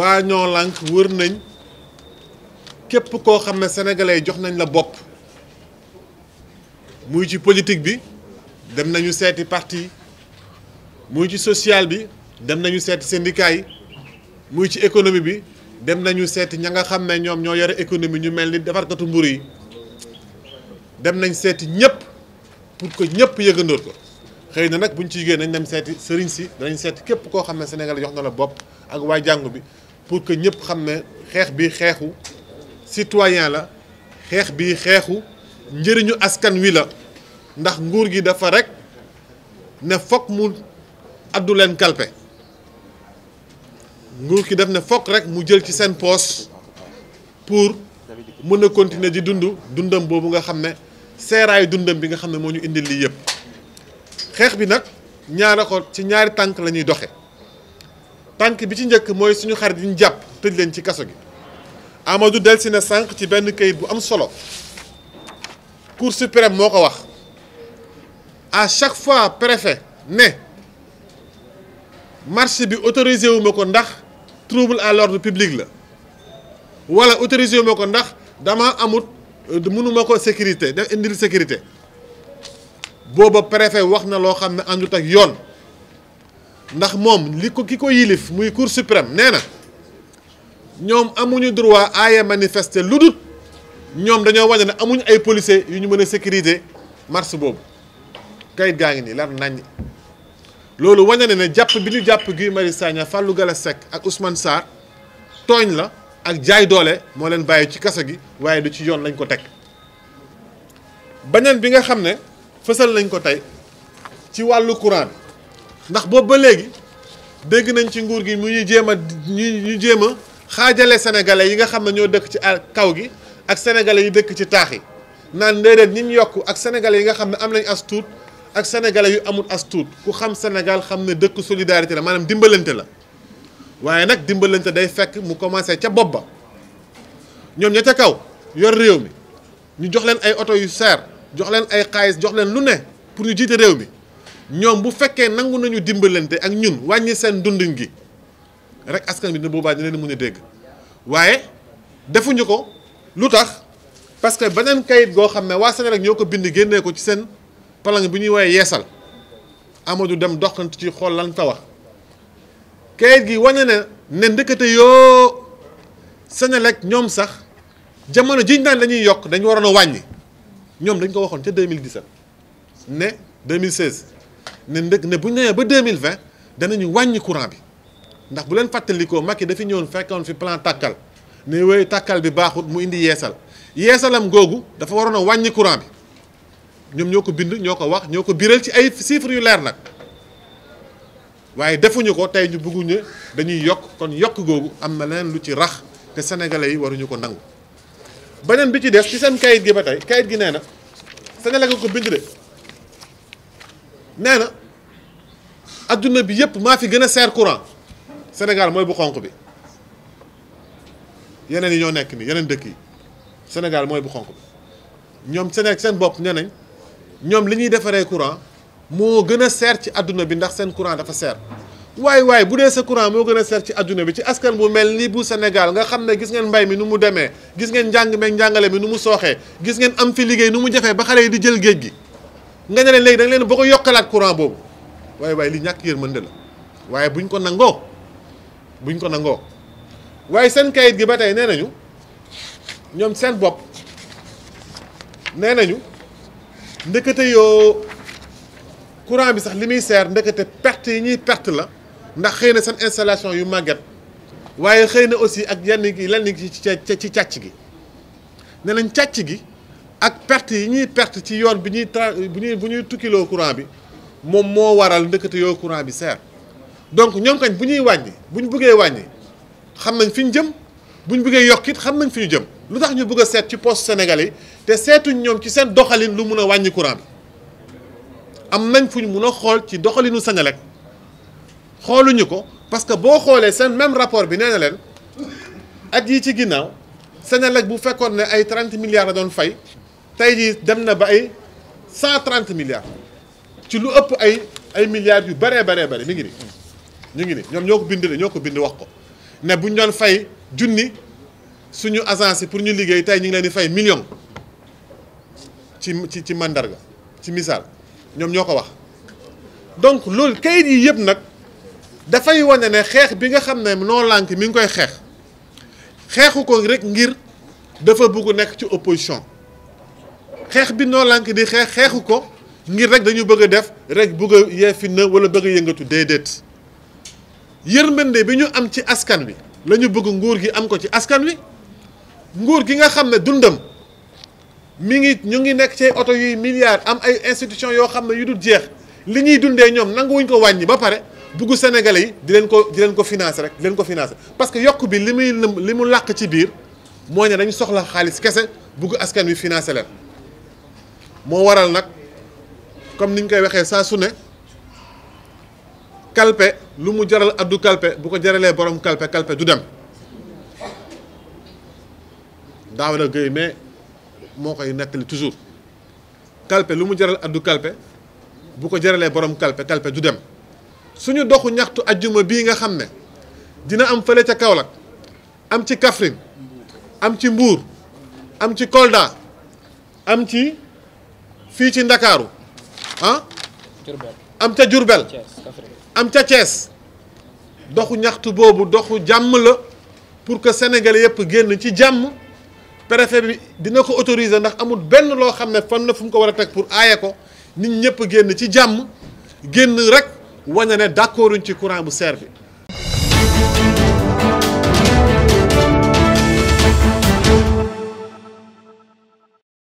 waa ñoo lànk wër nañ képp koo xam ne sénégalais yi jox nañ la bopp muy ci politique bi dem nañu seeti parti yi muy ci social bi dem nañu seeti syndicat yi muy ci économie bi dem nañu seeti ña nga xam ne ñoom ñoo yore économie ñu mel ni defarkatu mburu yi dem nañ seeti ñëpp pour ko ñëpp yëgandoor ko xëy na nag buñ ci jigéen nañ dem seeti sëriñ si danañ seet képp koo xam ne Sénégal jox na la bopp ak waay jàngu bi pour que ñëpp xam ne xeex bi xeexu citoyen la xeex bi xeexu njëriñu askan wi la ndax nguur gi dafa rek ne fokk mu addu leen kalpe nguur gi def ne fokk rek mu jël ci seen poos pour mën a continuer di dund dundam boobu nga xam ne seeraayu dundam bi nga xam ne moo ñu indil lii yëpp xeex bi nag ñaara xol ci ñaari tànk la ñuy doxe tànk bi ci ñëk moy suñu xarit yi ñu jàpp leen ci kasso gi Amadou delsi sank ci benn kayit bu am solo Cour suprême moko wax à chaque fois préfet ne marché bi autorisé wu mako ndax trouble à l'ordre public la wala autorisé wu mako ndax dama amut euh, mënuma ko sécurité def indil sécurité booba préfet wax na loo xam ne ak yoon ndax moom li ko ki ko yilif muy cour suprême nee na ñoom amuñu droit aaye manifester lu dut ñoom dañoo wàññi ne amuñu ay policiers yu ñu mën a sécuriser marche boobu kayit gaa ngi nii lar naññ. loolu wàññi na ne jàpp bi ñu jàpp Guy Marius Sagna Fallou Galass Seck ak usman Sarr tooñ la ak jaay doole moo leen bàyyi ci kaso gi waaye du ci yoon lañ ko teg beneen bi nga xam ne fësal nañ ko tey ci wàllu courant ndax boobu ba léegi dégg nañ ci nguur gi mu ñu jéem a ñu ñu jéem a xaajale sénégalais yi nga xam ne ñoo dëkk ci ak kaw gi ak sénégalais yu dëkk ci taax yi naan déedéet ñi ñu yokk ak sénégalais yi nga xam ne am nañ as ak sénégalais yu amul as tuut ku xam Sénégal xam ne dëkk solidarité la maanaam dimbalante la waaye nag dimbalante day fekk mu commencé ca bopp ba ñoom ña ca kaw yor réew mi ñu jox leen ay oto yu seer jox leen ay xaalis jox leen lu ne pour ñu jiite réew mi. ñoom bu fekkee nangu nañu dimbalante ak ñun wàññi seen dundin gi rek askan bi ne boobaa dina leen mën a dégg waaye defuñu ko lu tax parce que beneen kayit goo xam ne waa Sénégal ñoo ko bind génnee ko ci seen palang bi ñuy woowee yeesal Amadou dem doxant ci xool lan ta wax kayit gi wane ne ne ndëkkate yoo Senelec ñoom sax jamono jiñ naan dañuy yokk dañu waroon a wàññi ñoom dañ ko waxoon ca 2017 ne 2016 ne ndëkk ne bu ñu nee ba 2020 danañu wàññi courant bi ndax bu leen fàttalikoo yi dafa ñëwoon fekkoon fi plan tàkkal ne wéy tàkkal bi baaxut mu indi yeesal yeesalam googu dafa waroon a wàññi courant bi ñoom ñoo ko bind ñoo ko wax ñoo ko biral ci ay chiffres yu leer nag waaye defuñu ko tey ñu bëgguñu dañuy yokk kon yokk googu am na leneen lu ci rax te sénégalais yi waruñu ko nangu. beneen bi ci des ci seen kayit gi ba tey kayit gi nee na sénégalais ko bind na. adduna bi yëpp maa fi gën a seer courant Sénégal mooy bu xonq bi yeneen yi ñoo nekk nii yeneen dëkk yi mooy bu xonq ñoom Sénégal seen bopp nee nañ ñoom li ñuy defaree courant moo gën a seer ci àdduna bi ndax seen courant dafa seer waaye bu dee sa moo gën a seer ci adduna bi ci askan bu mel ni bu senegal nga xam ne gis ngeen mbay mi nu mu demee gis ngeen njàng meeg njàngale mi nu mu sooxee gis ngeen am fi liggéey nu mu jafee ba xale yi di jël géej gi nga ne leen léegi da leen bëgg a yokkalaat courant boobu waaye waaye li ñàkk yërmande la waaye buñ ko nangoo buñ ko nangoo waaye seen kayit gi ba tey nee nañu ñoom seen bopp nee nañu ndekete yoo courant bi sax li muy seer ndekete perte yi ñuy perte la ndax xëy na seen installation yu màgget waaye xëy na aussi ak yenn gi lenn gi ci càcc gi ne nañ càcc gi ak perte yi ñuy perte ci yoon bi ñuy tra bu ñuy bu ñuy tukkiloo courant bi moom moo waral ndëkkate yoo courant bi seer donc ñoom kañ bu ñuy wàññi bu ñu bëggee wàññi xam nañ fi ñu jëm bu ñu bëggee yokk it xam nañ fi jëm lu ñu bëgg a seet ci poste Sénégal te seetuñ ñoom ci seen doxalin lu mun a wàññi courant bi am nañ fu ñu mun a xool ci doxalinu Senelec xooluñu ko parce que boo xoolee seen même rapport bi nee na leen at yi ci ginnaaw Senelec bu fekkoon ay 30 milliards la doon fay tey jii dem na ba ay 130 milliards. ci lu ëpp ay ay milliards yu baree baree bare mi ngi ni ñu ngi ni ñoom ñoo ko bind de ñoo ko bind wax ko ne bu ñu doon fay junni suñu agence yi pour ñu liggéey tey ñu ngi leen di fay million ci ci ci ci misaal ñoom ñoo ko wax donc loolu kayit yi yëpp nag dafay wane ne xeex bi nga xam ne noo lànk mi ngi koy xeex xeexu ko rek ngir dafa bugg nekk ci opposition xeex bi noo lànk di xeex xeexu ko ngir rek dañu bëgg a def rek bëgg a yee fitna wala bëgg a yëngatu déedéet yërmande bi ñu am ci askan wi la bëgg nguur gi am ko ci askan wi nguur gi nga xam ne dundam mi ngi ñu ngi nekk ci ay oto yuy milliards am ay institution yoo xam ne yu dul jeex li ñuy dundee ñoom wuñ ko wàññi ba pare bugg sénégalais yi di leen ko di leen ko financer rek di leen ko financer parce que yokk bi li muy li mu làq ci biir mooy ne dañu soxla xaalis kese bugg askan wi financer leen moo waral nag. comme ni ñu koy waxee saa su ne kalpe lu mu jaral addu kalpe bu ko jaralee borom kalpe kalpe du dem daawala géy mais moo koy nettali toujours kalpe lu mu jaral addu kalpe bu ko jaralee borom kalpe kalpe du dem suñu doxu ñaxtu ajjuma bii nga xam ne dina am fële ca kawlak am ci Kaffrine am ci mbuur am ci Kolda am ci fii ci Ndakaaru ah am ca Jurbel am ca Thiès doxu ñaxtu boobu doxu jàmm la pour que sénégalais yëpp génn ci jàmm préfet bi dina ko autoriser ndax amul benn loo xam ne fan na fu mu ko war a teg pour aaye ko nit ñëpp génn ci jàmm génn rek waña ne d'accorduñ ci courant bu seer bi